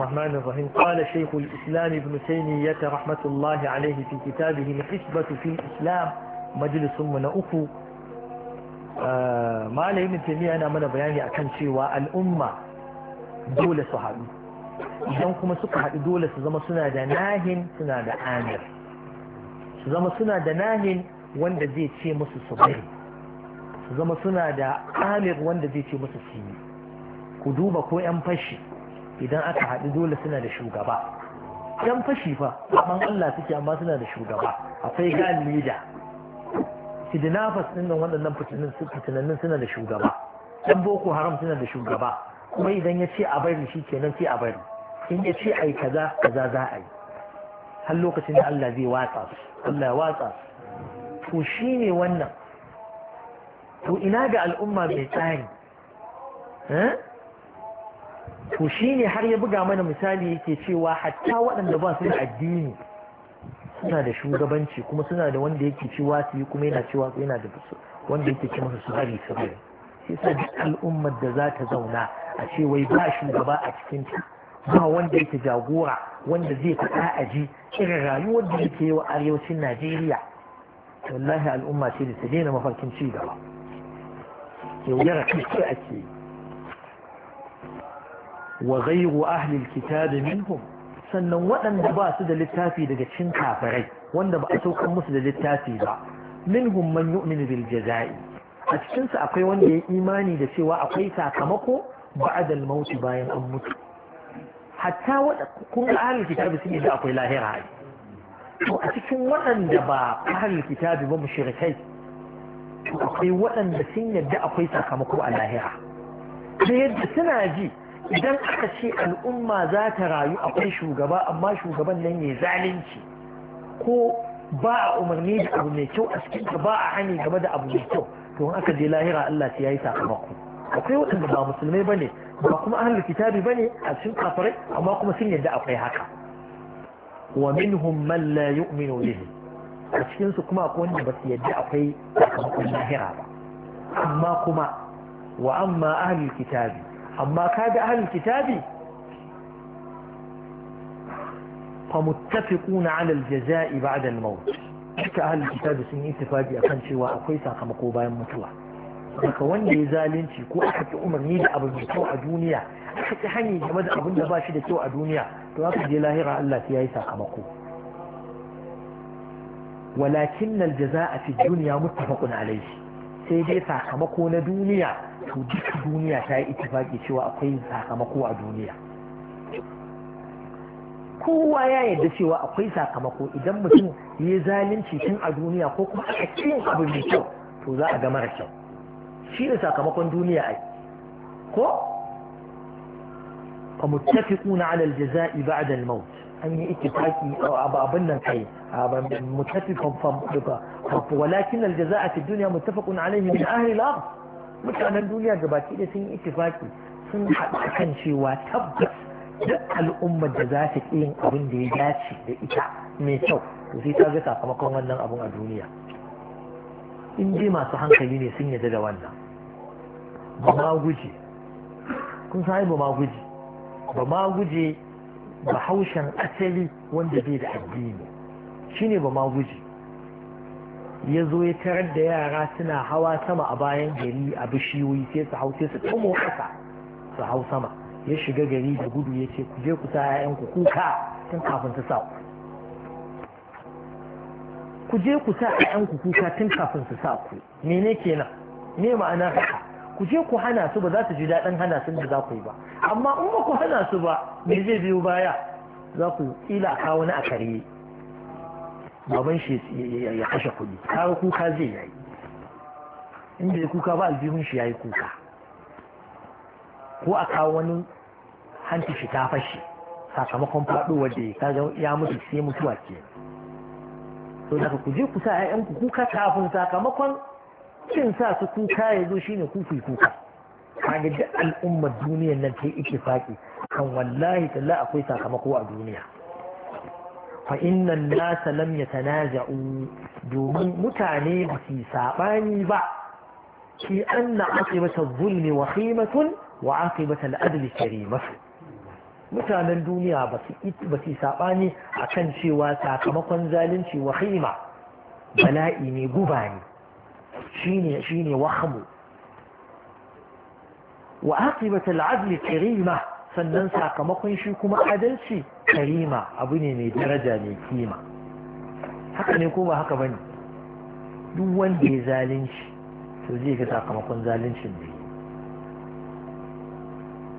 الرحمن الرحيم قال شيخ الإسلام ابن تيمية رحمة الله عليه في كتابه الحسبة في الإسلام مجلس من أخو ما عليه ابن تيمية أنا من بياني أكن شيوا الأمة دولة صحابي idan kuma suka haɗu dole su zama suna da nahin suna da amir su zama suna da nahin wanda zai ce musu su bari su zama suna da amir wanda zai ce musu su ku duba ko 'yan fashi idan aka haɗu dole suna da shugaba yan fashi fa amma Allah suke amma suna da shugaba akwai gan leader sidinafas din nan waɗannan fitinannin suna da shugaba yan boko haram suna da shugaba kuma idan ya ce a bari shi kenan sai a bari in ya ce ai kaza kaza za a yi har lokacin da Allah zai watsa su Allah ya watsa su to ne wannan to ina ga al'umma mai tsari eh to shi ne har ya buga mana misali yake cewa hatta waɗanda ba su da addini suna da shugabanci kuma suna da wanda yake cewa su yi kuma yana cewa su yana da wanda yake ce masa su hari su hari shi sa duk al'ummar da za ta zauna a ce wai ba shugaba a cikin ta ba wanda yake jagora wanda zai faɗa a ji irin rayuwar da yake yi wa arewacin najeriya wallahi al'umma ce da ta daina mafarkin ci gaba yaudara kai ake yi wa ghayru ahli alkitab minhum sannan waɗanda ba su da littafi daga cikin kafirai wanda ba a saukar musu da littafi ba minhum man yu'minu bil jazai a cikin su akwai wanda ya imani da cewa akwai sakamako ba'da al-maut bayan an mutu hatta wada kun ga kitabi sun da akwai lahira ai to a cikin waɗanda ba ahlul kitabi ba mushrikai akwai waɗanda sun yadda akwai sakamako a lahira da yadda suna ji idan aka ce al'umma za ta rayu akwai shugaba amma shugaban nan ya zalunci ko ba a umarni da abu mai kyau a cikin ba a hani game da abu mai kyau to in aka je lahira Allah sai yayi sakamako akwai waɗanda ba musulmai bane ba kuma ahlul kitabi bane a cikin kafirai amma kuma sun yarda akwai haka wa minhum man la yu'minu bihi a cikin su kuma akwai wanda ba su yadda akwai sakamakon lahira ba amma kuma wa amma ahlul kitabi amma kaga ahlul kitabi fa muttafiquna ala aljazaa'i ba'da almaut duka ahlul kitabi sun yi ittifaqi akan cewa akwai sakamako bayan mutuwa daga wanda ya zalunci ko aka ki umarni da abu mai kyau a duniya aka ki hanyar game da abin da ba shi da kyau a duniya to aka je lahira Allah ya yi sakamako walakin aljaza'a fi dunya muttafaqun alayhi sai dai sakamako na duniya to duka duniya ta yi itifaki cewa akwai sakamako a duniya kowa ya yarda cewa akwai sakamako idan mutum ya zalunci tun a duniya ko kuma aka kiyin abu mai kyau to za a ga mara kyau shi ne sakamakon duniya ai ko na alal ala ba ba'da almaut an yi a abin nan kai muttafiqun fa walakin aljazaa fi dunya muttafaqun alayhi min ahli al-ard mutanen duniya baki da sun yi itifaki sun haɗa kan cewa tabbas duk al'ummar da za ta yin abin da ya dace da ita mai kyau to sai ta ga sakamakon wannan abin a duniya in dai masu hankali ne sun yarda da wannan ba ma guje kun sai ba ma guje ba ma guje ba haushen asali wanda bai da addini shine ba ma guje ya zo ya tarar da yara suna hawa sama a bayan gari a bishiyoyi sai su hau sai su tumo kasa su hau sama ya shiga gari da gudu ya ce ku je ku sa 'ya'yanku kuka tun kafin su sa ku je ku sa 'ya'yanku kuka tun kafin su sa ku mene kenan me ma'ana haka ku je ku hana su ba za su ji daɗin hana su da za ku yi ba amma in ba ku hana su ba me zai biyo baya za ku kila kawo na a kare baban shi ya kashe kuɗi kawo kuka zai yayi inda ya kuka ba aljihun shi ya yi kuka ko a kawo wani hanci shi ta fashe sakamakon faɗo da ya ya mutu sai mutuwa ke to daga ku je ku sa ƴaƴan ku kuka kafin sakamakon kin sa su kuka ya zo shine ku ku kuka kaga duk al'ummar duniyar nan ta yi ittifaqi kan wallahi talla akwai sakamako a duniya fa innan nasa lam yatanaza'u domin mutane ba su saɓani ba shi na aqibata zulmi wahimatun wa aqibata al-adli mutanen duniya ba su saɓani a kan cewa sakamakon zalunci wahima bala'i ne guba ne shi ne wahamu wa aqibata al'adli kirima sannan sakamakon shi kuma adalci karima abu ne mai daraja mai kima haka ne ko ba haka bane duk wanda ya zalunci to zai ga sakamakon zaluncin ne